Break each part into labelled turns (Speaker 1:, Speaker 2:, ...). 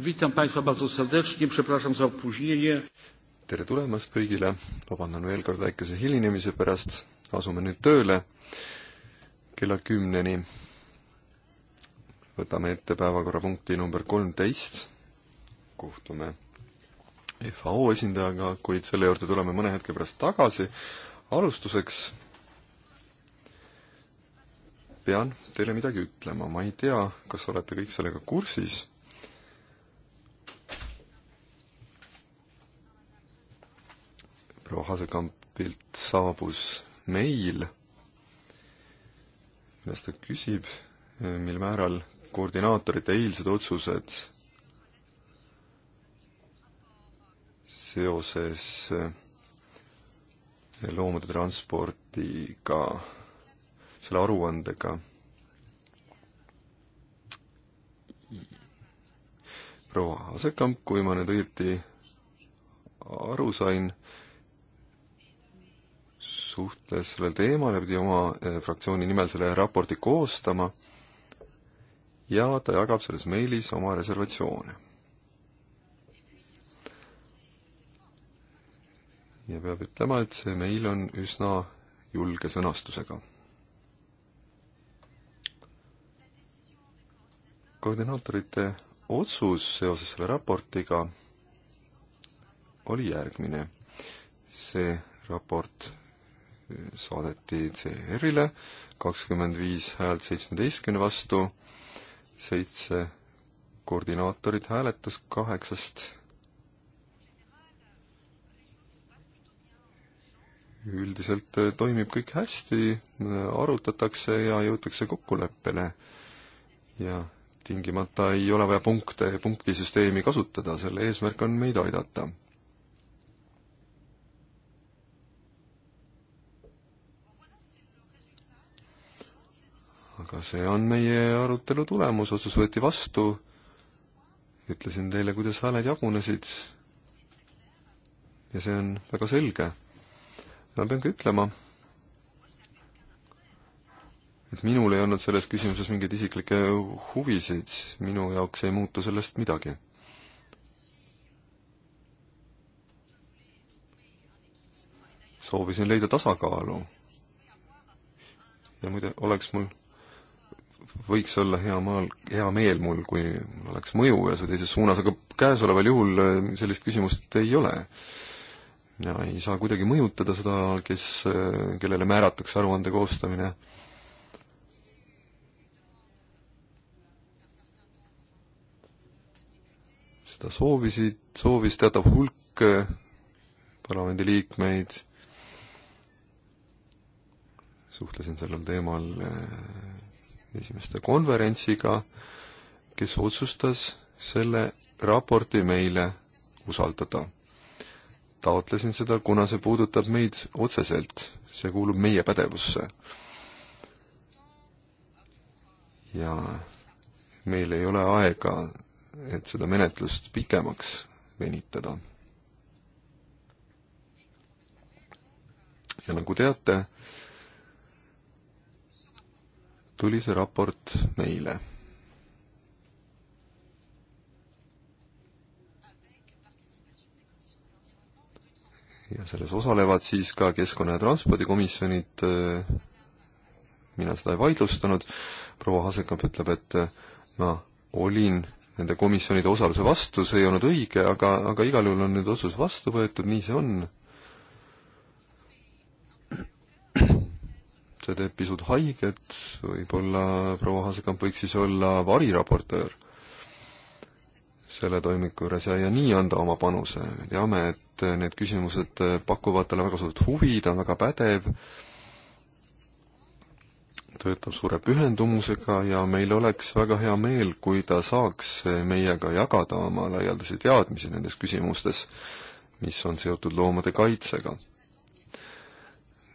Speaker 1: Witam Państwa bardzo serdecznie, przepraszam za opóźnienie. tere tulemast kõigile, vabandan veel kord väikese hilinemise pärast, asume nüüd tööle kella kümneni. võtame ette päevakorrapunkti number kolmteist, kohtume FAO esindajaga, kuid selle juurde tuleme mõne hetke pärast tagasi. alustuseks pean teile midagi ütlema, ma ei tea, kas olete kõik sellega kursis proua Hasekampilt saabus meil, milles ta küsib, mil määral koordinaatorite eilsed otsused seoses eh, loomade transpordiga, selle aruandega proua Asekamp, kui ma nüüd õieti aru sain, suhtles sellel teemal ja pidi oma eh, fraktsiooni nimel selle raporti koostama ja ta jagab selles meilis oma reservatsioone. ja peab ütlema, et see meil on üsna julge sõnastusega. koordinaatorite otsus seoses selle raportiga oli järgmine. see raport saadeti CR-ile, kakskümmend viis häält seitsmeteistkümne vastu, seitse koordinaatorit hääletas kaheksast üldiselt toimib kõik hästi, arutatakse ja jõutakse kokkuleppele. ja tingimata ei ole vaja punkte, punktisüsteemi kasutada, selle eesmärk on meid aidata. aga see on meie arutelu tulemus, otsus võeti vastu, ütlesin teile, kuidas hääled jagunesid ja see on väga selge. ma pean ka ütlema, et minul ei olnud selles küsimuses mingeid isiklikke huvisid, minu jaoks ei muutu sellest midagi. soovisin leida tasakaalu. ja muide, oleks mul võiks olla hea maal, hea meel mul, kui mul oleks mõju ühes või teises suunas, aga käesoleval juhul äh, sellist küsimust ei ole. ja ei saa kuidagi mõjutada seda, kes, äh, kellele määratakse aruande koostamine. seda soovisid, soovis teatav hulk äh, parlamendiliikmeid suhtlesin sellel teemal esimeste konverentsiga, kes otsustas selle raporti meile usaldada. taotlesin seda, kuna see puudutab meid otseselt, see kuulub meie pädevusse. ja meil ei ole aega, et seda menetlust pikemaks venitada. ja nagu teate, tuli see raport meile. ja selles osalevad siis ka Keskkonna- ja Transpordikomisjonid, mina seda ei vaidlustanud, proua Hasekamp ütleb, et ma olin nende komisjonide osaluse vastu, see ei olnud õige, aga, aga igal juhul on nüüd otsus vastu võetud, nii see on see teeb pisut haiget, võib-olla proua Hasekamp võiks siis olla variraportöör selle toimiku juures ja, ja nii anda oma panuse. me teame, et need küsimused pakuvad talle väga suurt huvi, ta on väga pädev, töötab suure pühendumusega ja meil oleks väga hea meel, kui ta saaks meiega jagada oma laialdasi teadmisi nendes küsimustes, mis on seotud loomade kaitsega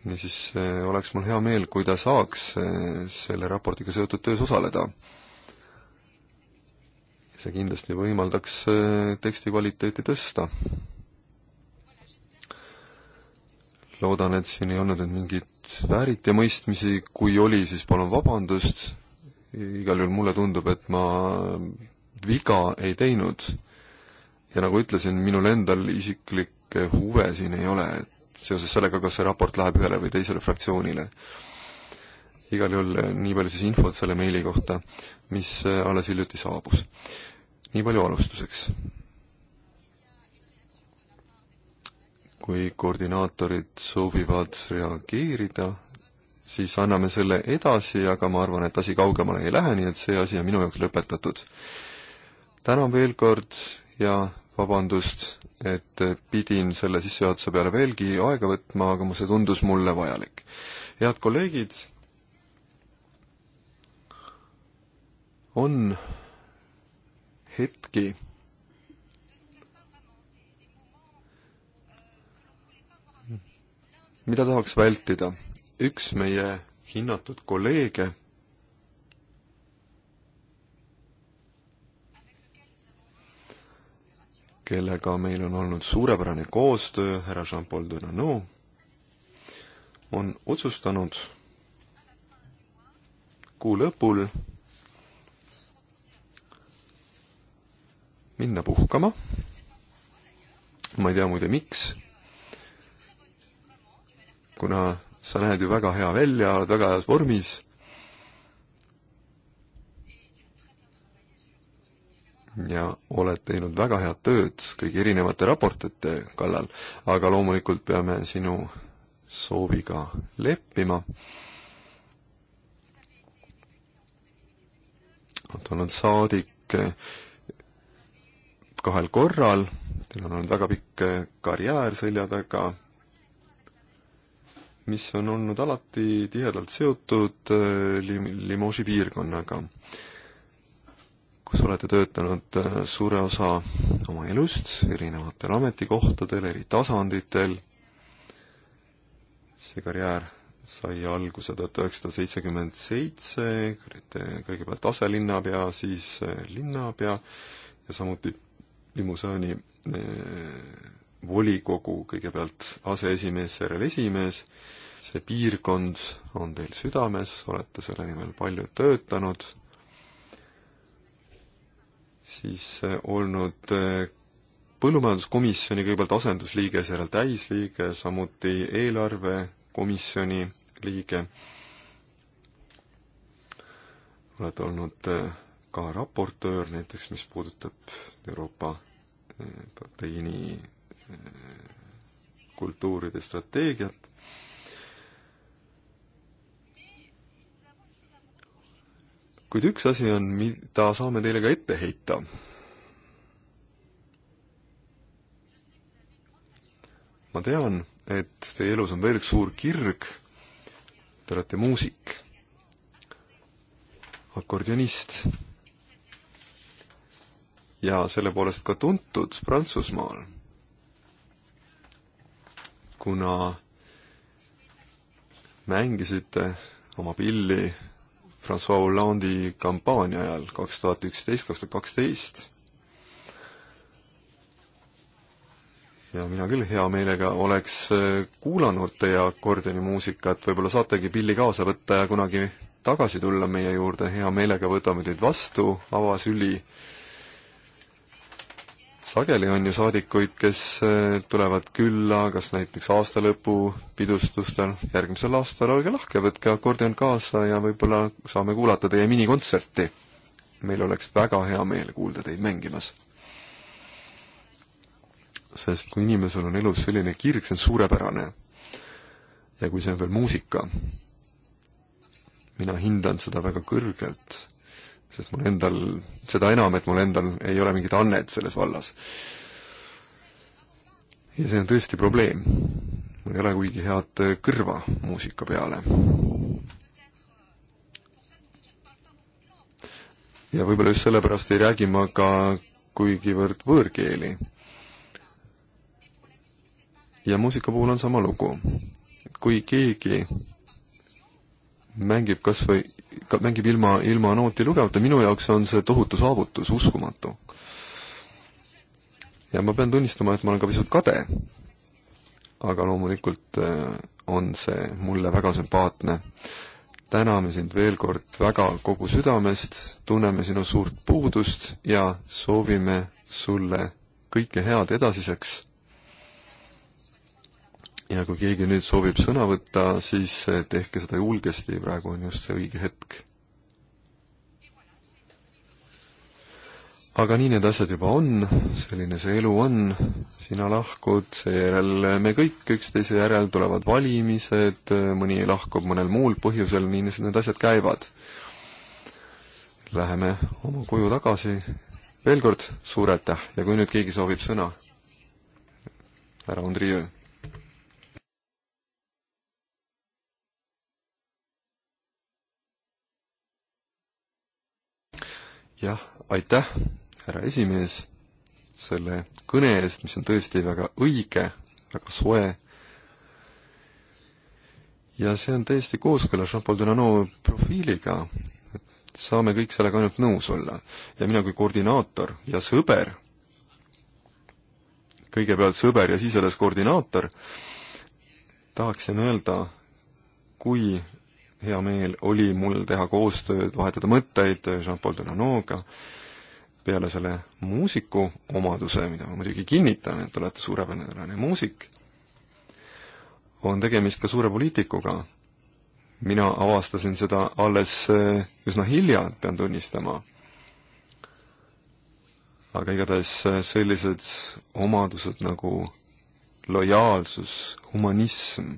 Speaker 1: niisiis eh, oleks mul hea meel, kui ta saaks eh, selle raportiga seotud töös osaleda. see kindlasti võimaldaks eh, teksti kvaliteeti tõsta. loodan, et siin ei olnud nüüd mingeid vääritimõistmisi, kui oli, siis palun vabandust, igal juhul mulle tundub, et ma viga ei teinud ja nagu ütlesin, minul endal isiklikke huve siin ei ole, et seoses sellega, kas see raport läheb ühele või teisele fraktsioonile. igal juhul eh, nii palju siis infot selle meili kohta, mis eh, alles hiljuti saabus. nii palju alustuseks. kui koordinaatorid soovivad reageerida, siis anname selle edasi, aga ma arvan, et asi kaugemale ei lähe, nii et see asi on minu jaoks lõpetatud. tänan veel kord ja vabandust, et pidin selle sissejuhatuse peale veelgi aega võtma, aga see tundus mulle vajalik. head kolleegid, on hetki, mida tahaks vältida. üks meie hinnatud kolleege kellega meil on olnud suurepärane koostöö, härra Jean-Paul Dunanu, on otsustanud kuu lõpul minna puhkama. ma ei tea muide, miks. kuna sa näed ju väga hea välja, oled väga heas vormis ja oled teinud väga head tööd kõigi erinevate raportite kallal, aga loomulikult peame sinu sooviga leppima. oled olnud saadik eh, kahel korral, teil on olnud väga pikk eh, karjäär selja taga, mis on olnud alati tihedalt seotud eh, Lim-, Limoži piirkonnaga kus olete töötanud äh, suure osa oma elust erinevatel ametikohtadel, eri tasanditel. see karjäär sai alguse tuhat üheksasada seitsekümmend seitse, olite kõigepealt aselinnapea, siis äh, linnapea ja samuti Limusaani äh, volikogu kõigepealt aseesimees, seejärel esimees. see piirkond on teil südames, olete selle nimel palju töötanud siis äh, olnud äh, põllumajanduskomisjoni kõigepealt asendusliige, seejärel täisliige, samuti eelarvekomisjoni liige. oled olnud äh, ka raportöör näiteks, mis puudutab Euroopa proteiini kultuuride strateegiat kuid üks asi on, mida saame teile ka ette heita. ma tean, et teie elus on veel üks suur kirg, te olete muusik, akordionist ja selle poolest ka tuntud Prantsusmaal, kuna mängisite oma pilli Francois Hollande'i kampaania ajal kaks tuhat üksteist, kaks tuhat kaksteist. ja mina küll hea meelega oleks äh, kuulanud teie akordioni muusikat, võib-olla saategi pilli kaasa võtta ja kunagi tagasi tulla meie juurde, hea meelega võtame teid vastu avasüli sageli on ju saadikuid, kes eh, tulevad külla kas näiteks aastalõpupidustustel, järgmisel aastal olge lahke, võtke akordion kaasa ja võib-olla saame kuulata teie minikontserti. meil oleks väga hea meel kuulda teid mängimas. sest kui inimesel on elus selline kirg, see on suurepärane. ja kui see on veel muusika, mina hindan seda väga kõrgelt sest mul endal, seda enam, et mul endal ei ole mingit annet selles vallas. ja see on tõesti probleem. mul ei ole kuigi head kõrva muusika peale. ja võib-olla just sellepärast ei räägi ma ka kuigivõrd võõrkeeli. ja muusika puhul on sama lugu. kui keegi mängib kas või mängib ilma, ilma nooti lugemata, minu jaoks on see tohutu saavutus, uskumatu. ja ma pean tunnistama, et ma olen ka pisut kade. aga loomulikult eh, on see mulle väga sümpaatne. täname sind veel kord väga kogu südamest, tunneme sinu suurt puudust ja soovime sulle kõike head edasiseks ja kui keegi nüüd soovib sõna võtta, siis eh, tehke seda julgesti, praegu on just see õige hetk. aga nii need asjad juba on, selline see elu on, sina lahkud, seejärel me kõik üksteise järel tulevad valimised, mõni lahkub mõnel muul põhjusel, nii need asjad käivad. Läheme oma koju tagasi, veel kord suur aitäh ja kui nüüd keegi soovib sõna, härra Andrieu jah, aitäh, härra esimees, selle kõne eest, mis on tõesti väga õige, väga soe. ja see on täiesti kooskõlas Jean-Paul Delano profiiliga, et saame kõik sellega ainult nõus olla. ja mina kui koordinaator ja sõber, kõigepealt sõber ja siis alles koordinaator, tahaksin öelda, kui hea meel oli mul teha koostööd, vahetada mõtteid Jean-Paul Delanoga, peale selle muusiku omaduse, mida ma muidugi kinnitan, et olete suurepärane muusik, on tegemist ka suure poliitikuga. mina avastasin seda alles eh, üsna hilja, pean tunnistama. aga igatahes eh, sellised omadused nagu lojaalsus, humanism,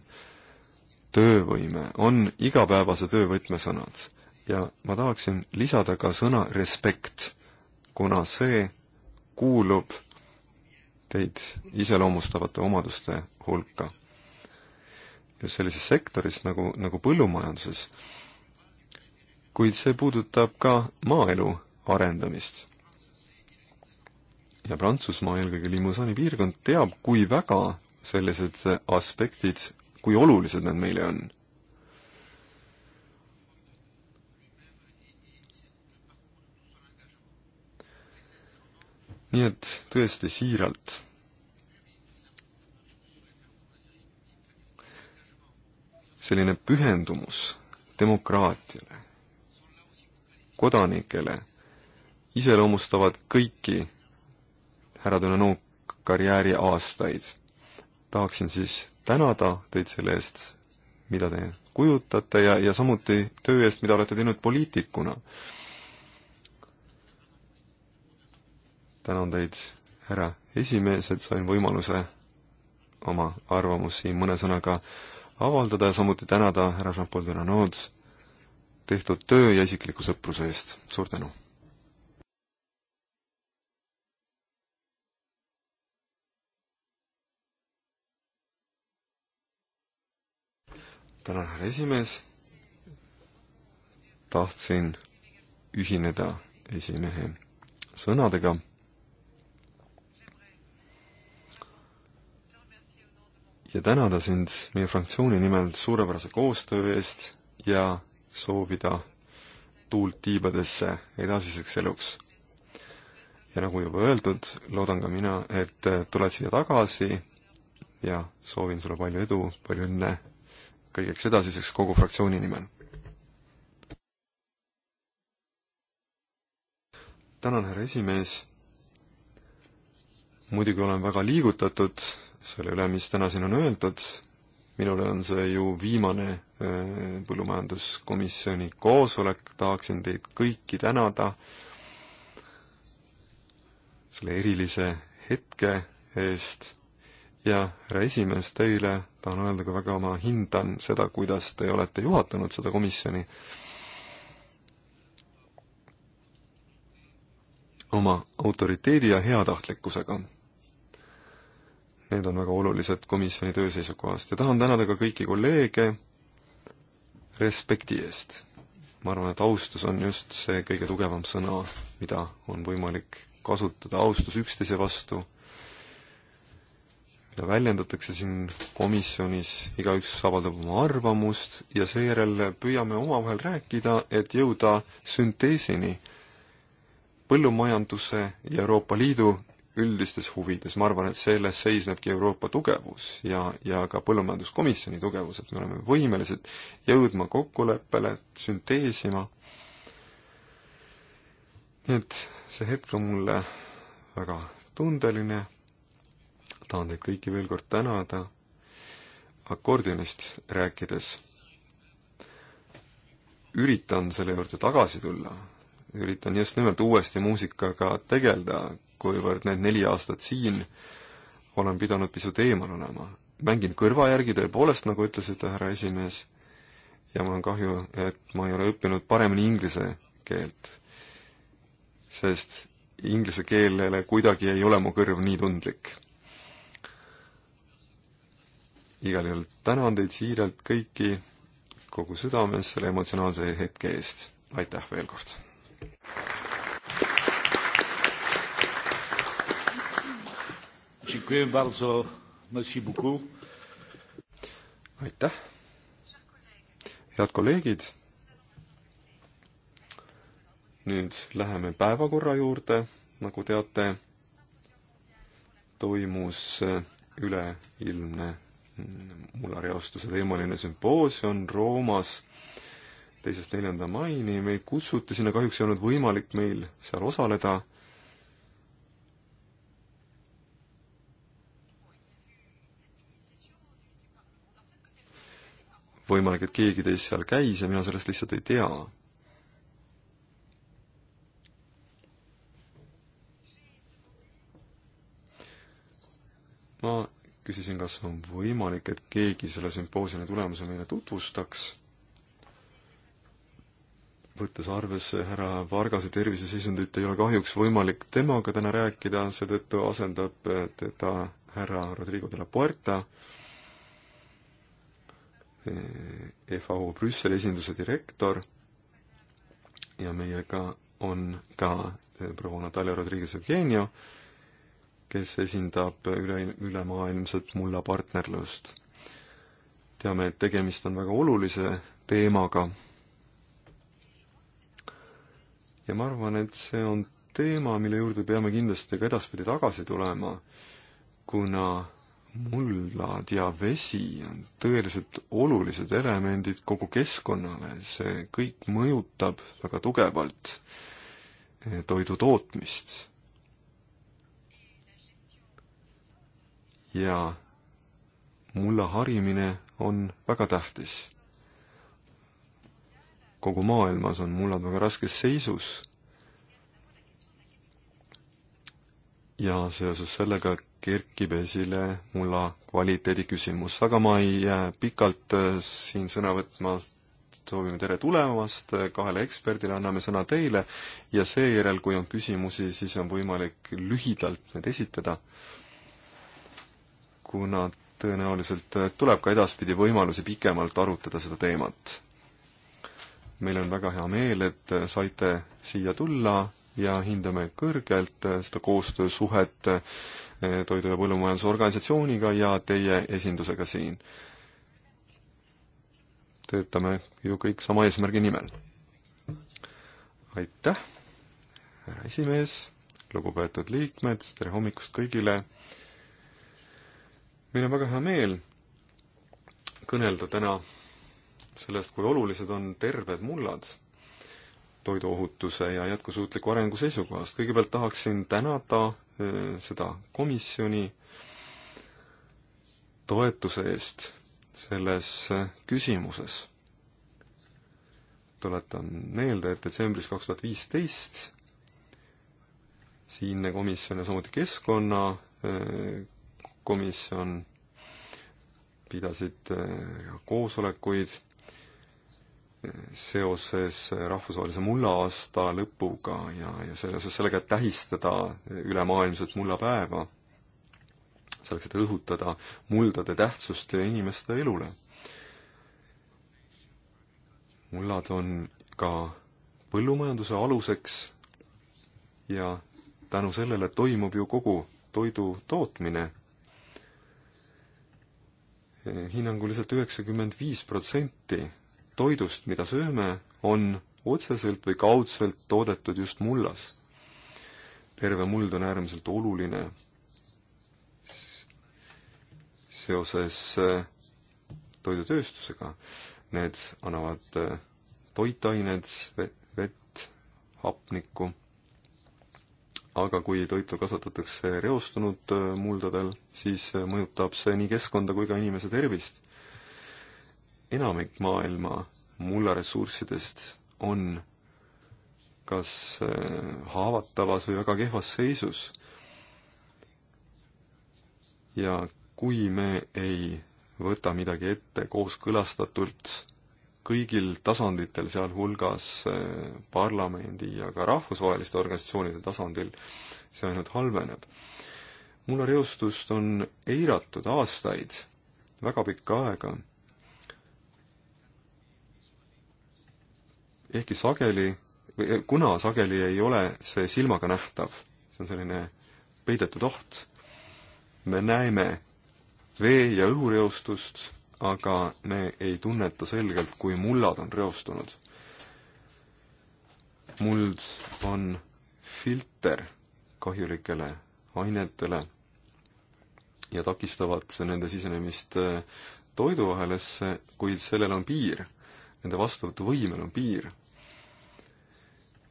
Speaker 1: töövõime on igapäevase töö võtmesõnad ja ma tahaksin lisada ka sõna respekt, kuna see kuulub teid iseloomustavate omaduste hulka. just sellises sektoris nagu, nagu põllumajanduses, kuid see puudutab ka maaelu arendamist. ja Prantsusmaa, eelkõige Limousine'i piirkond, teab, kui väga sellised aspektid kui olulised nad meile on. nii et tõesti siiralt. selline pühendumus demokraatiale, kodanikele iseloomustavad kõiki härra Dunanoo karjääri aastaid tahaksin siis tänada teid selle eest, mida te kujutate ja, ja samuti töö eest, mida olete teinud poliitikuna. tänan teid, härra esimees, et sain võimaluse oma arvamust siin mõne sõnaga avaldada ja samuti tänada härra Jean-Paul Duranod tehtud töö ja isikliku sõpruse eest. suur tänu! tänan, härra esimees. tahtsin ühineda esimehe sõnadega. ja tänada sind meie fraktsiooni nimel suurepärase koostöö eest ja soovida tuult tiibadesse edasiseks eluks. ja nagu juba öeldud, loodan ka mina, et tuled siia tagasi ja soovin sulle palju edu, palju õnne kõigeks edasiseks kogu fraktsiooni nimel. tänan, härra esimees. muidugi olen väga liigutatud selle üle, mis täna siin on öeldud. minule on see ju viimane äh, põllumajanduskomisjoni koosolek, tahaksin teid kõiki tänada selle erilise hetke eest ja härra esimees, teile tahan öelda ka väga, ma hindan seda, kuidas te olete juhatanud seda komisjoni oma autoriteedi ja heatahtlikkusega. Need on väga olulised komisjoni töö seisukohast ja tahan tänada ka kõiki kolleege respekti eest. ma arvan, et austus on just see kõige tugevam sõna, mida on võimalik kasutada, austus üksteise vastu mida väljendatakse siin komisjonis, igaüks avaldab oma arvamust ja seejärel püüame omavahel rääkida, et jõuda sünteesini põllumajanduse ja Euroopa Liidu üldistes huvides, ma arvan, et selles seisnebki Euroopa tugevus ja, ja ka Põllumajanduskomisjoni tugevus, et me oleme võimelised jõudma kokkuleppele, sünteesima. nii et see hetk on mulle väga tundeline tahan teid kõiki veel kord tänada akordionist rääkides. üritan selle juurde tagasi tulla, üritan just nimelt uuesti muusikaga tegeleda, kuivõrd need neli aastat siin olen pidanud pisut eemal olema. mängin kõrva järgi tõepoolest, nagu ütlesite, härra esimees, ja mul on kahju, et ma ei ole õppinud paremini inglise keelt, sest inglise keelele kuidagi ei ole mu kõrv nii tundlik igal juhul tänan teid siiralt kõiki kogu südames selle emotsionaalse hetke eest. aitäh veel kord! aitäh! head kolleegid, nüüd läheme päevakorra juurde, nagu teate, toimus üleilmne mullareostuse teemaline sümpoosium Roomas teisest neljanda maini, meid kutsuti sinna, kahjuks ei olnud võimalik meil seal osaleda. võimalik, et keegi teist seal käis ja mina sellest lihtsalt ei tea ma küsisin, kas on võimalik, et keegi selle sümpoosiumi tulemuse meile tutvustaks, võttes arvesse härra Vargase terviseseisundit, ei ole kahjuks võimalik temaga täna rääkida, seetõttu asendab teda härra Rodrigo de la Puerta, FAO Brüsseli esinduse direktor ja meiega on ka proua Natalja Rodriguez Eugenio, kes esindab üle, ülemaailmset mulla partnerlust. teame, et tegemist on väga olulise teemaga. ja ma arvan, et see on teema, mille juurde peame kindlasti ka edaspidi tagasi tulema, kuna mullad ja vesi on tõeliselt olulised elemendid kogu keskkonnale, see kõik mõjutab väga tugevalt toidu tootmist ja mulla harimine on väga tähtis. kogu maailmas on mullad väga raskes seisus ja seoses sellega kerkib esile mulla kvaliteedi küsimus, aga ma ei jää pikalt äh, siin sõna võtma, soovime tere tulemast äh, kahele eksperdile, anname sõna teile ja seejärel, kui on küsimusi, siis on võimalik lühidalt need esitada kuna tõenäoliselt äh, tuleb ka edaspidi võimalusi pikemalt arutada seda teemat. meil on väga hea meel, et äh, saite siia tulla ja hindame kõrgelt äh, seda koostöösuhet Toidu- ja Põllumajandusorganisatsiooniga ja teie esindusega siin. töötame ju kõik sama eesmärgi nimel. aitäh, härra esimees, lugupeetud liikmed, tere hommikust kõigile! meil on väga hea meel kõnelda täna sellest, kui olulised on terved mullad toiduohutuse ja jätkusuutliku arengu seisukohast. kõigepealt tahaksin tänada äh, seda komisjoni toetuse eest selles äh, küsimuses. tuletan meelde, et detsembris kaks tuhat viisteist siinne komisjon ja samuti keskkonna äh, komisjon pidasid äh, koosolekuid äh, seoses rahvusvahelise mulla-aasta lõpuga ja, ja selles osas sellega, et tähistada ülemaailmset mullapäeva, selleks, et rõhutada muldade tähtsust inimeste elule. mullad on ka põllumajanduse aluseks ja tänu sellele toimub ju kogu toidu tootmine hinnanguliselt üheksakümmend viis protsenti toidust, mida sööme, on otseselt või kaudselt toodetud just mullas. terve muld on äärmiselt oluline seoses äh, toidutööstusega. Need annavad äh, toitained, vett, hapnikku aga kui toitu kasvatatakse reostunud äh, muldadel, siis äh, mõjutab see nii keskkonda kui ka inimese tervist. enamik maailma mullaressurssidest on kas äh, haavatavas või väga kehvas seisus. ja kui me ei võta midagi ette kooskõlastatult kõigil tasanditel, sealhulgas eh, parlamendi ja ka rahvusvaheliste organisatsioonide tasandil, see ainult halveneb. mullareostust on eiratud aastaid, väga pikka aega. ehkki sageli, või eh, kuna sageli ei ole see silmaga nähtav, see on selline peidetud oht, me näeme vee- ja õhureostust aga me ei tunneta selgelt, kui mullad on reostunud. muld on filter kahjulikele ainetele ja takistavad nende sisenemist äh, toiduahelesse, kuid sellel on piir, nende vastuvõtuvõimel on piir.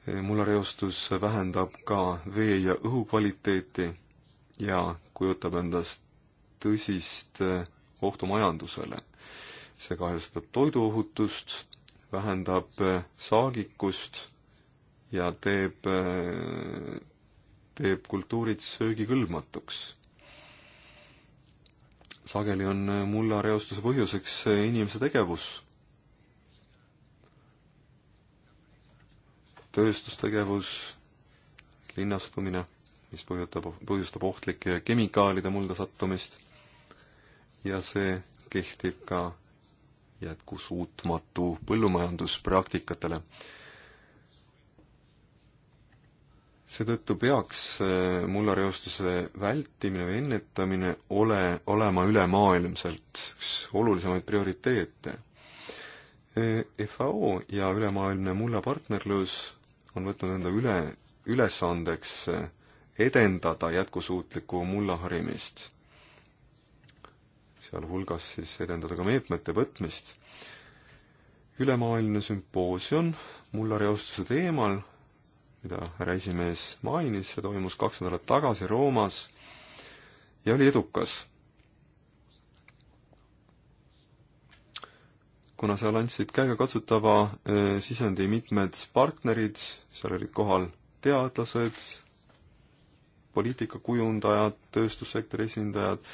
Speaker 1: Äh, mullareostus vähendab ka vee ja õhu kvaliteeti ja kujutab endast tõsist äh, kohtumajandusele. see kahjustab toiduohutust, vähendab äh, saagikust ja teeb, äh, teeb kultuurid söögikõlbmatuks. sageli on äh, mullareostuse põhjuseks inimese tegevus. tööstustegevus, linnastumine, mis põhjutab, põhjustab ohtlike kemikaalide mulda sattumist ja see kehtib ka jätkusuutmatu põllumajanduspraktikatele. seetõttu peaks eh, mullareostuse vältimine või ennetamine ole, olema ülemaailmselt üks olulisemaid prioriteete. Eh, FAO ja ülemaailmne mullapartnerlus on võtnud enda üle, ülesandeks eh, edendada jätkusuutlikku mullaharimist sealhulgas siis edendada ka meetmete võtmist. ülemaailmne sümpoosium mullareostuse teemal, mida härra esimees mainis, see toimus kaks nädalat tagasi Roomas ja oli edukas kuna seal andsid käegakatsutava äh, sisendi mitmed partnerid, seal olid kohal teadlased, poliitikakujundajad, tööstussektori esindajad,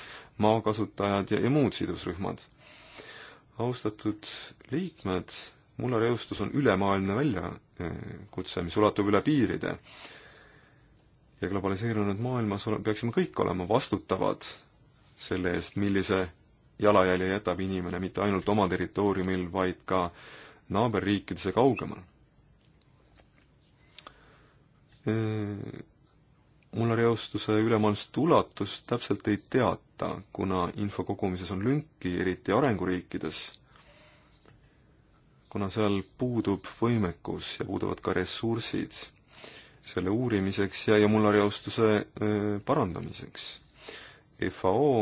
Speaker 1: maakasutajad ja, ja muud sidusrühmad. austatud liikmed, mullareostus on ülemaailmne väljakutse, mis ulatub üle piiride. ja globaliseerunud maailmas ole, peaksime kõik olema vastutavad selle eest, millise jalajälje jätab inimene mitte ainult oma territooriumil, vaid ka naaberriikides ja kaugemal. Äh, mullareostuse ülemaailmset ulatust täpselt ei teata katta, kuna info kogumises on lünki, eriti arenguriikides, kuna seal puudub võimekus ja puuduvad ka ressursid selle uurimiseks ja, ja mullareostuse parandamiseks. FAO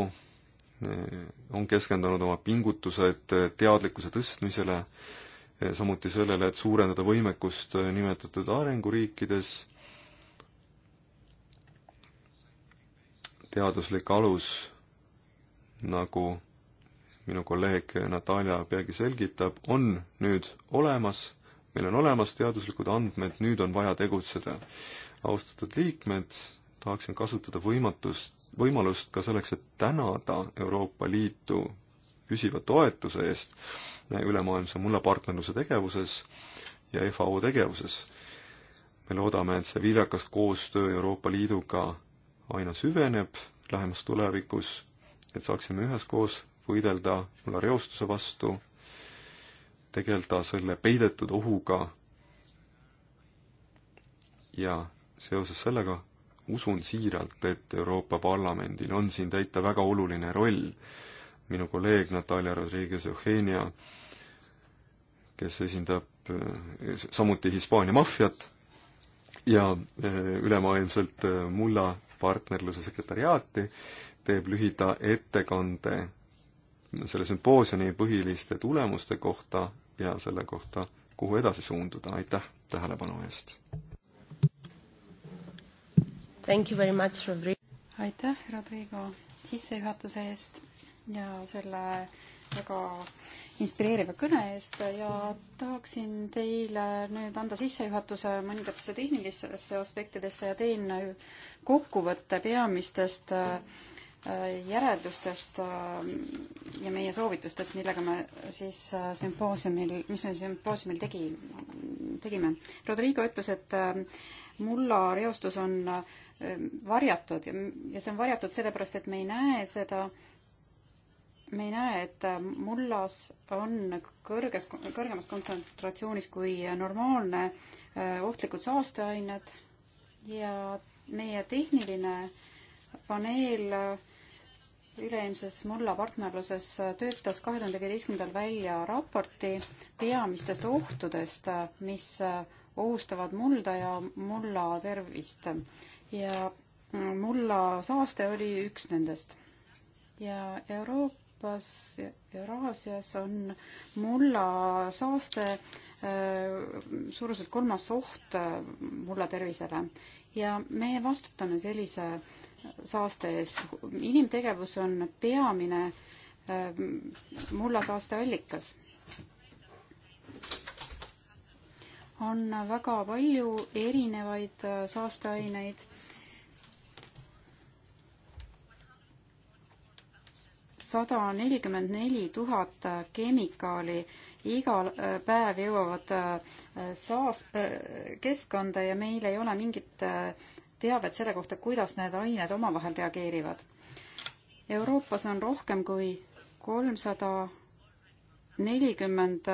Speaker 1: on keskendunud oma pingutused teadlikkuse tõstmisele, samuti sellele, et suurendada võimekust nimetatud arenguriikides, teaduslik alus nagu minu kolleeg Natalja peagi selgitab, on nüüd olemas, meil on olemas teaduslikud andmed, nüüd on vaja tegutseda. austatud liikmed, tahaksin kasutada võimatust, võimalust ka selleks, et tänada Euroopa Liitu püsiva toetuse eest ülemaailmse mullapartnerluse tegevuses ja FAO tegevuses. me loodame, et see viljakas koostöö Euroopa Liiduga aina süveneb lähemas tulevikus et saaksime üheskoos võidelda reostuse vastu, tegeleda selle peidetud ohuga ja seoses sellega usun siiralt, et Euroopa Parlamendil on siin täita väga oluline roll. minu kolleeg Natalja Rodriguez Eugenia, kes esindab eh, samuti Hispaania maffiat ja eh, ülemaailmselt eh, mulla partnerluse sekretariaati, teeb lühida ettekande selle sümpoosiumi põhiliste tulemuste kohta ja selle kohta, kuhu edasi suunduda, aitäh tähelepanu eest!
Speaker 2: aitäh, Rodrigo, sissejuhatuse eest ja selle väga inspireeriva kõne eest ja tahaksin teile nüüd anda sissejuhatuse mõningatesse tehnilistesse aspektidesse ja teen kokkuvõtte peamistest äh, järeldustest äh, ja meie soovitustest, millega me siis äh, sümpoosiumil, mis me sümpoosiumil tegi, tegime. Rodrigo ütles, et mullareostus on varjatud ja see on varjatud sellepärast, et me ei näe seda me ei näe, et mullas on kõrges, kõrgemas kontsentratsioonis kui normaalne äh, ohtlikud saasteained ja meie tehniline paneel äh, üleilmses mullapartnerluses äh, töötas kahe tuhande viieteistkümnendal välja raporti peamistest ohtudest, mis ohustavad mulda ja mulla tervist. ja mulla saaste oli üks nendest. ja Euroopa Euroopas ja Raasias on mulla saaste äh, suuruselt kolmas oht äh, mulla tervisele ja me vastutame sellise saaste eest. inimtegevus on peamine äh, mulla saaste allikas. on väga palju erinevaid saasteaineid sada nelikümmend neli tuhat kemikaali igal äh, päev jõuavad äh, saast-, äh, keskkonda ja meil ei ole mingit teavet selle kohta, kuidas need ained omavahel reageerivad. Euroopas on rohkem kui kolmsada nelikümmend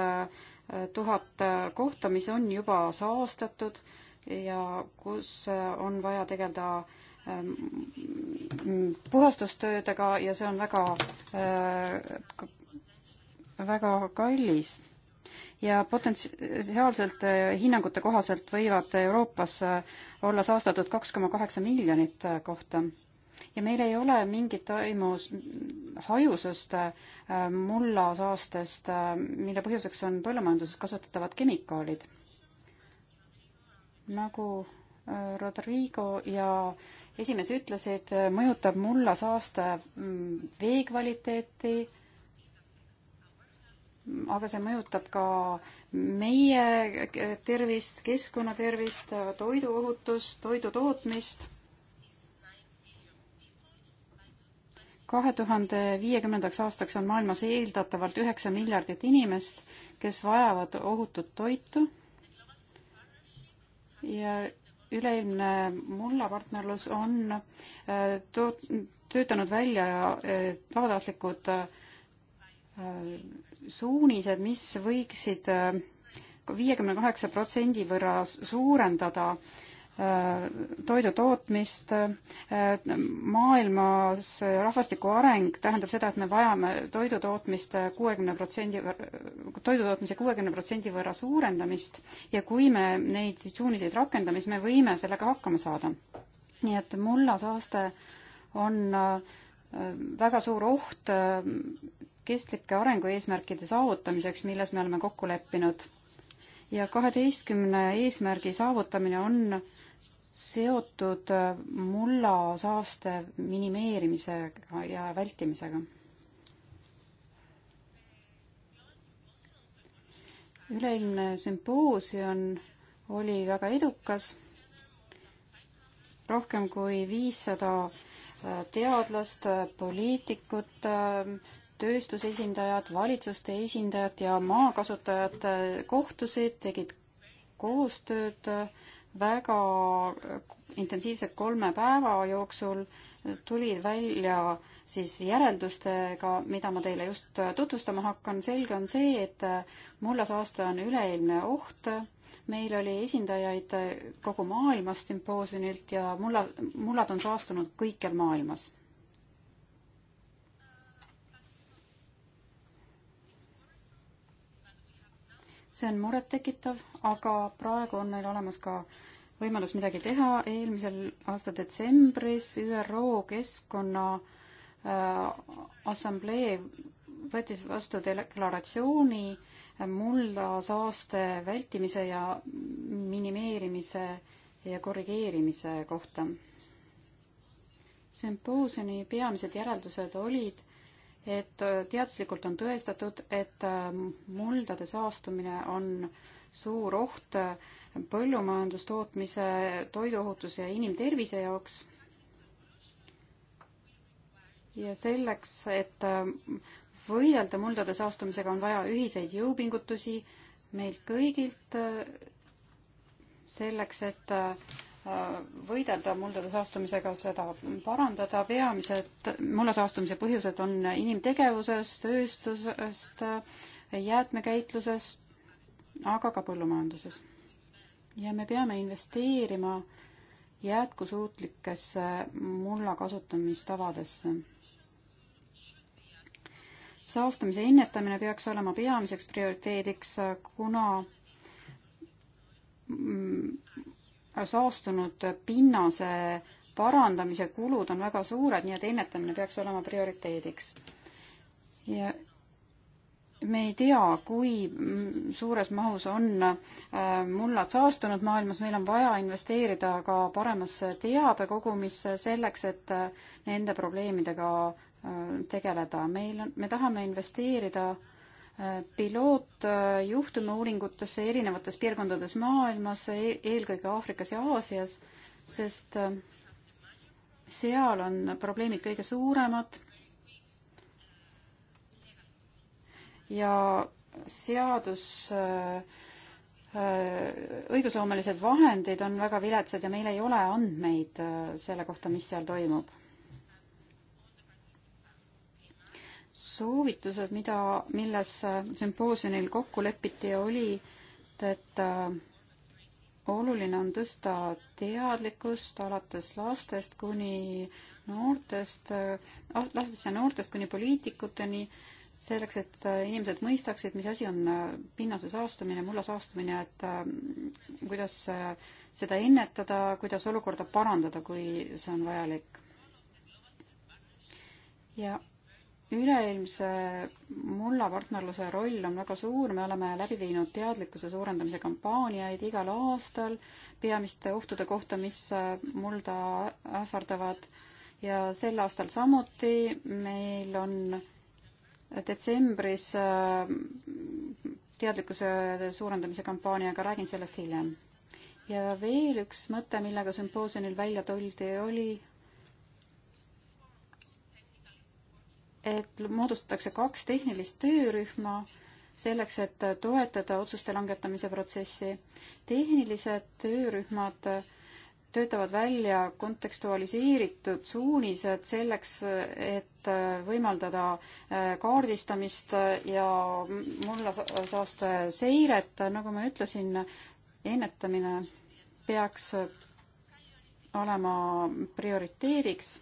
Speaker 2: tuhat kohta, mis on juba saastatud ja kus on vaja tegeleda ähm, puhastustöödega ja see on väga äh, väga kallis ja potentsiaalselt äh, hinnangute kohaselt võivad Euroopas äh, olla saastatud kaks koma kaheksa miljonit kohta. ja meil ei ole mingit aimu hajusest mullasaastest, mille põhjuseks on põllumajanduses kasutatavad kemikaalid. nagu Rodrigo ja esimees ütlesid, mõjutab mulla saaste mm, vee kvaliteeti, aga see mõjutab ka meie tervist, keskkonna tervist, toiduohutust, toidu tootmist. kahe tuhande viiekümnendaks aastaks on maailmas eeldatavalt üheksa miljardit inimest, kes vajavad ohutut toitu ja üleilmne mullapartnerlus on äh, toot-, töötanud välja äh, vabatahtlikud äh, suunised, mis võiksid viiekümne kaheksa protsendi võrra suurendada äh, Äh, toidu tootmist. Äh, maailmas rahvastiku areng tähendab seda, et me vajame toidu tootmist kuuekümne protsendi, toidu tootmise kuuekümne protsendi võrra suurendamist ja kui me neid suuniseid rakendame, siis me võime sellega hakkama saada. nii et mullasaaste on äh, väga suur oht kestlike arengueesmärkide saavutamiseks, milles me oleme kokku leppinud ja kaheteistkümne eesmärgi saavutamine on seotud mulla saaste minimeerimisega ja vältimisega. üleilmne sümpoosium oli väga edukas. rohkem kui viissada äh, teadlast, poliitikut, äh, tööstuse esindajad, valitsuste esindajad ja maakasutajad äh, kohtusid, tegid koostööd äh, väga äh, intensiivselt kolme päeva jooksul, tulid välja siis järeldustega, mida ma teile just tutvustama hakkan. selge on see, et mullasaaste on üleeelne oht. meil oli esindajaid kogu maailmast sümpoosiumilt ja mulla, mullad on saastunud kõikjal maailmas see on murettekitav, aga praegu on meil olemas ka võimalus midagi teha, eelmisel aasta detsembris ÜRO Keskkonna äh, Assamblee võttis vastu deklaratsiooni äh, mulla saaste vältimise ja minimeerimise ja korrigeerimise kohta. sümpoosiumi peamised järeldused olid, et äh, teaduslikult on tõestatud, et äh, muldade saastumine on suur oht äh, põllumajandustootmise, toiduohutuse ja inimtervise jaoks. ja selleks, et võidelda muldade saastumisega, on vaja ühiseid jõupingutusi meilt kõigilt selleks, et võidelda muldade saastumisega, seda parandada, peamised mulla saastumise põhjused on inimtegevuses, tööstusest, jäätmekäitlusest, aga ka põllumajanduses. ja me peame investeerima jätkusuutlikesse mulla kasutamistavadesse. saastamise ennetamine peaks olema peamiseks prioriteediks, kuna saastunud pinnase parandamise kulud on väga suured, nii et ennetamine peaks olema prioriteediks. ja me ei tea, kui suures mahus on äh, mullad saastunud maailmas, meil on vaja investeerida ka paremasse teabekogumisse selleks, et äh, nende probleemidega äh, tegeleda. meil on, me tahame investeerida äh, pilootjuhtume uuringutesse erinevates piirkondades maailmas, e-, eelkõige Aafrikas ja Aasias, sest äh, seal on probleemid kõige suuremad. ja seadus äh, äh, õigusloomelised vahendid on väga viletsad ja meil ei ole andmeid selle kohta, mis seal toimub. soovitused, mida, milles sümpoosiumil kokku lepiti, olid, et äh, oluline on tõsta teadlikkust alates lastest kuni noortest, äh, lastest ja noortest kuni poliitikuteni, selleks, et äh, inimesed mõistaksid, mis asi on pinnase saastumine, mulla saastumine, et kuidas seda ennetada, kuidas olukorda parandada, kui see on vajalik. ja üleilmse mullapartnerluse roll on väga suur, me oleme läbi viinud teadlikkuse suurendamise kampaaniaid igal aastal peamiste ohtude kohta, mis äh, mulda ähvardavad ja sel aastal samuti meil on detsembris äh, teadlikkuse suurendamise kampaania, aga räägin sellest hiljem. ja veel üks mõte, millega sümpoosiumil välja tuldi, oli et moodustatakse kaks tehnilist töörühma selleks, et toetada otsuste langetamise protsessi. tehnilised töörühmad töötavad välja kontekstualiseeritud suunised selleks, et võimaldada äh, kaardistamist ja mullasaaste seiret, nagu ma ütlesin, ennetamine peaks olema prioriteediks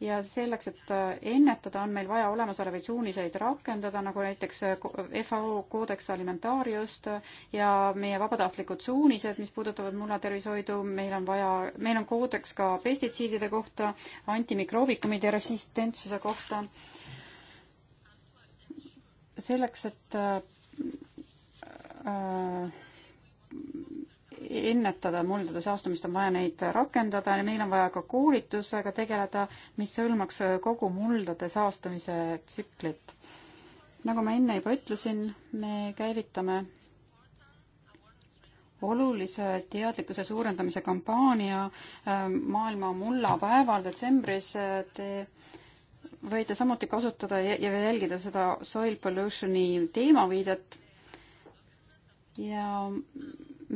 Speaker 2: ja selleks, et äh, ennetada, on meil vaja olemasolevaid suuniseid rakendada, nagu näiteks FAO äh, koodeks alimentaariust ja meie vabatahtlikud suunised, mis puudutavad mullatervishoidu, meil on vaja, meil on koodeks ka pestitsiidide kohta, antimikroobikumide resistentsuse kohta. selleks, et äh, äh ennetada muldade saastumist, on vaja neid rakendada ja meil on vaja ka koolitusega tegeleda, mis hõlmaks kogu muldade saastamise tsüklit. nagu ma enne juba ütlesin, me käivitame olulise teadlikkuse suurendamise kampaania äh, maailma mullapäeval detsembris. Te võite samuti kasutada ja jälgida seda soil pollution'i teemaviidet ja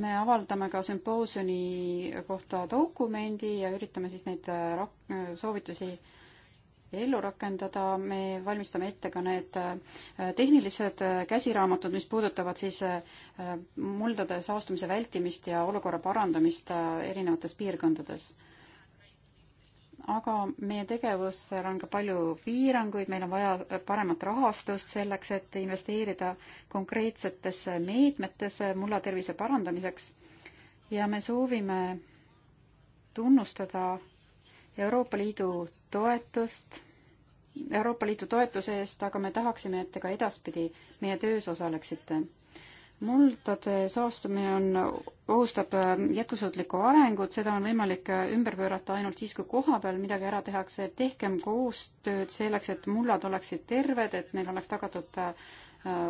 Speaker 2: me avaldame ka sümpoosiumi kohta dokumendi ja üritame siis neid äh, rak-, äh, soovitusi ellu rakendada, me valmistame ette ka need äh, tehnilised käsiraamatud, mis puudutavad siis muldade saastumise vältimist ja olukorra parandamist erinevates piirkondades aga meie tegevusel on ka palju piiranguid, meil on vaja paremat rahastust selleks, et investeerida konkreetsetesse meetmetesse mullatervise parandamiseks. ja me soovime tunnustada Euroopa Liidu toetust, Euroopa Liidu toetuse eest, aga me tahaksime, et te ka edaspidi meie töös osaleksite muldade saastumine on, ohustab äh, jätkusuutlikku arengut, seda on võimalik äh, ümber pöörata ainult siis, kui kohapeal midagi ära tehakse, tehkem koostööd selleks, et mullad oleksid terved, et meil oleks tagatud äh,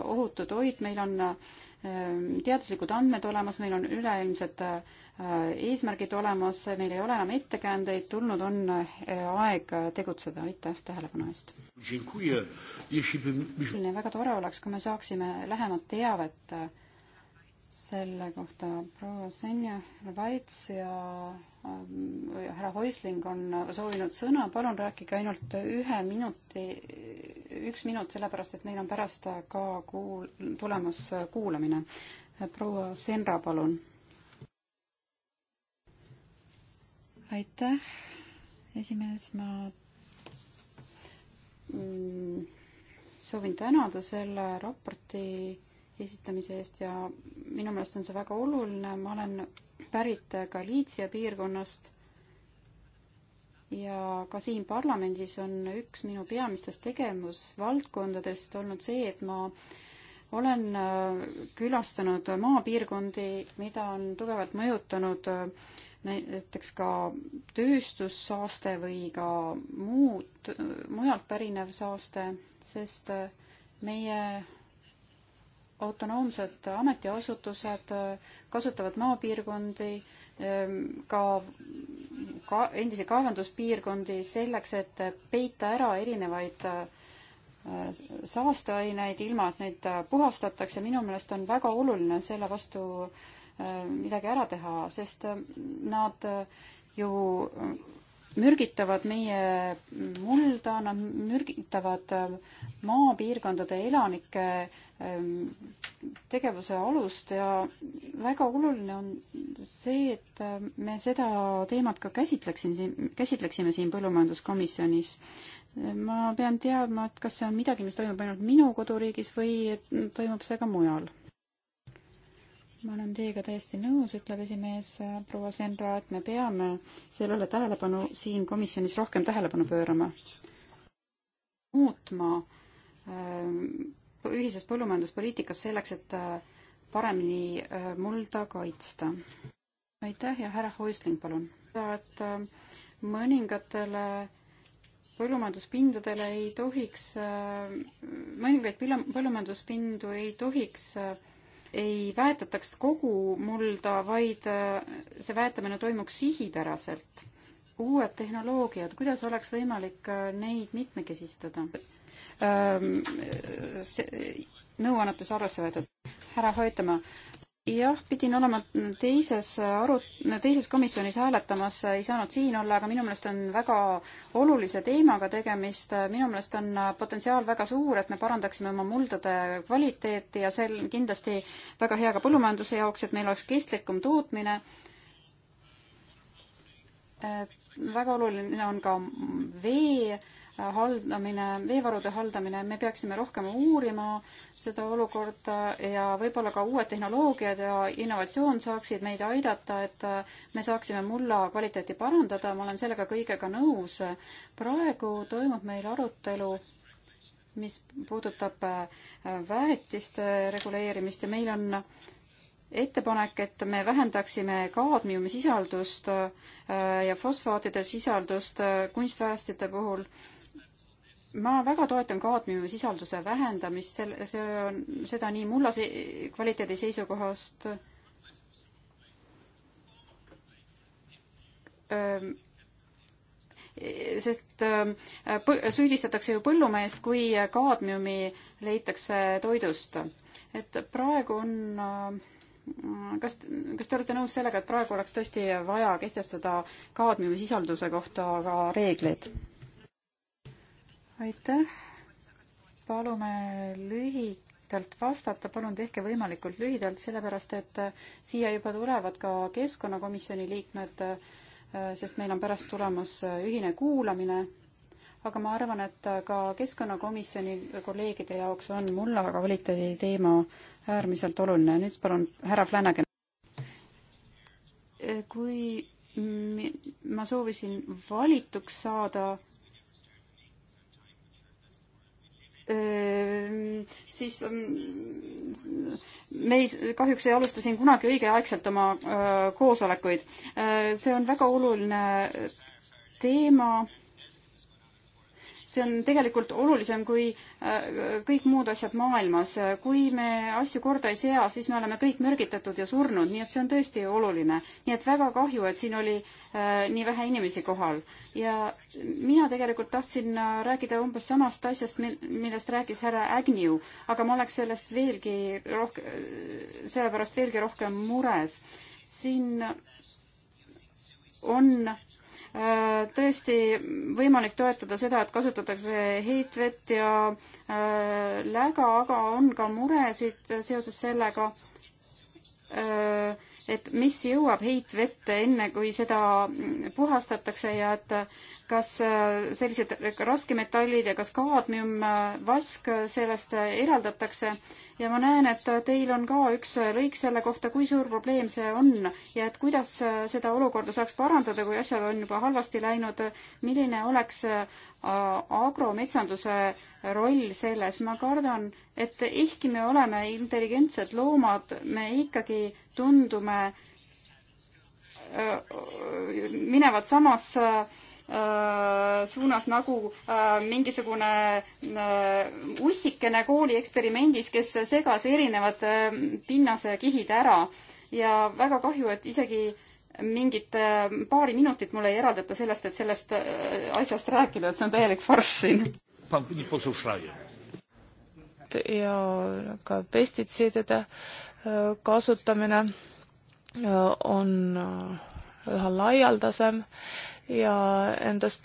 Speaker 2: ohutu toit, meil on äh, Ehm, teaduslikud andmed olemas, meil on üleilmsed äh, eesmärgid olemas, meil ei ole enam ettekäändeid, tulnud on äh, aeg tegutseda, aitäh tähelepanu eest! selline väga tore oleks, kui me saaksime lähemat teavet äh, selle kohta proua Senja Vaits ja Äh, härra Häusling on soovinud sõna, palun rääkige ainult ühe minuti, üks minut, sellepärast et meil on pärast ka kuul-, tulemas kuulamine. proua Senra, palun. aitäh, esimees, ma mm, soovin tänada selle raporti esitamise eest ja minu meelest on see väga oluline, ma olen pärit Galiitsia piirkonnast ja ka siin parlamendis on üks minu peamistest tegevusvaldkondadest olnud see, et ma olen äh, külastanud maapiirkondi, mida on tugevalt mõjutanud äh, näiteks ka tööstussaaste või ka muud, äh, mujalt pärinev saaste, sest meie autonoomsed ametiasutused kasutavad maapiirkondi, ehm, ka, ka endisi kaevanduspiirkondi selleks, et peita ära erinevaid äh, saasteaineid, ilma et neid puhastatakse, minu meelest on väga oluline selle vastu äh, midagi ära teha, sest äh, nad ju mürgitavad meie mulda, nad mürgitavad äh, maapiirkondade elanike ähm, tegevuse alust ja väga oluline on see, et äh, me seda teemat ka käsitleksin siin, käsitleksime siin põllumajanduskomisjonis. ma pean teadma, et kas see on midagi, mis toimub ainult minu koduriigis või toimub see ka mujal ma olen teiega täiesti nõus, ütleb esimees äh, proua Senra, et me peame sellele tähelepanu siin komisjonis rohkem tähelepanu pöörama. muutma äh, ühises põllumajanduspoliitikas selleks, et äh, paremini mulda kaitsta. aitäh ja härra Häusling, palun. et mõningatele põllumajanduspindadele ei tohiks, mõningaid põllumajanduspindu ei tohiks äh, ei väetataks kogu mulda, vaid äh, see väetamine toimuks sihipäraselt. uued tehnoloogiad, kuidas oleks võimalik äh, neid mitmekesistada? Ähm, nõuannetes arvesse võetud. härra Hoitamaa, jah, pidin olema teises aru-, teises komisjonis hääletamas, ei saanud siin olla, aga minu meelest on väga olulise teemaga tegemist, minu meelest on potentsiaal väga suur, et me parandaksime oma muldade kvaliteeti ja see on kindlasti väga hea ka põllumajanduse jaoks, et meil oleks kestlikum tootmine. väga oluline on ka vee haldamine, veevarude haldamine, me peaksime rohkem uurima seda olukorda ja võib-olla ka uued tehnoloogiad ja innovatsioon saaksid meid aidata, et me saaksime mulla kvaliteeti parandada, ma olen sellega kõigega nõus. praegu toimub meil arutelu mis puudutab äh, väetiste reguleerimist ja meil on ettepanek, et me vähendaksime kaadmiumi sisaldust äh, ja fosfaatide sisaldust äh, kunstväestite puhul ma väga toetan kaadmiumisisalduse vähendamist, selle, see on, seda nii mulla se kvaliteedi seisukohast ähm, sest ähm, süüdistatakse ju põllumeest, kui kaadmiumi leitakse toidust. et praegu on äh, kas, kas te olete nõus sellega, et praegu oleks tõesti vaja kehtestada kaadmiumisisalduse kohta ka reegleid? aitäh. palume lühidalt vastata, palun tehke võimalikult lühidalt, sellepärast et äh, siia juba tulevad ka keskkonnakomisjoni liikmed, äh, sest meil on pärast tulemas äh, ühine kuulamine. aga ma arvan, et ka keskkonnakomisjoni kolleegide jaoks on mulla kvaliteedi teema äärmiselt oluline. nüüd palun härra Flanagan. kui ma soovisin valituks saada siis mm, me ei, kahjuks ei alusta siin kunagi õigeaegselt oma koosolekuid. see on väga oluline teema see on tegelikult olulisem kui äh, kõik muud asjad maailmas. kui me asju korda ei sea, siis me oleme kõik mürgitatud ja surnud, nii et see on tõesti oluline. nii et väga kahju, et siin oli äh, nii vähe inimesi kohal. ja mina tegelikult tahtsin äh, rääkida umbes samast asjast, millest rääkis härra Agnew, aga ma oleks sellest veelgi rohkem, sellepärast veelgi rohkem mures. siin on Äh, tõesti võimalik toetada seda, et kasutatakse heitvett ja äh, läga, aga on ka muresid seoses sellega, äh, et mis jõuab heitvette enne, kui seda puhastatakse ja et kas sellised raskemetallid ja kas kaadmium, vask sellest eraldatakse ja ma näen, et teil on ka üks lõik selle kohta, kui suur probleem see on ja et kuidas seda olukorda saaks parandada, kui asjad on juba halvasti läinud. milline oleks äh, agrometsanduse roll selles, ma kardan, et ehkki me oleme intelligentsed loomad, me ikkagi tundume äh, minevat samas äh, Äh, suunas nagu äh, mingisugune äh, ussikene kooli eksperimendis, kes segas erinevad pinnasekihid ära ja väga kahju, et isegi mingit paari minutit mulle ei eraldata sellest, et sellest asjast rääkida, et see on täielik farss siin. ja ka pestitsiidide
Speaker 1: kasutamine on üha laialdasem ja endast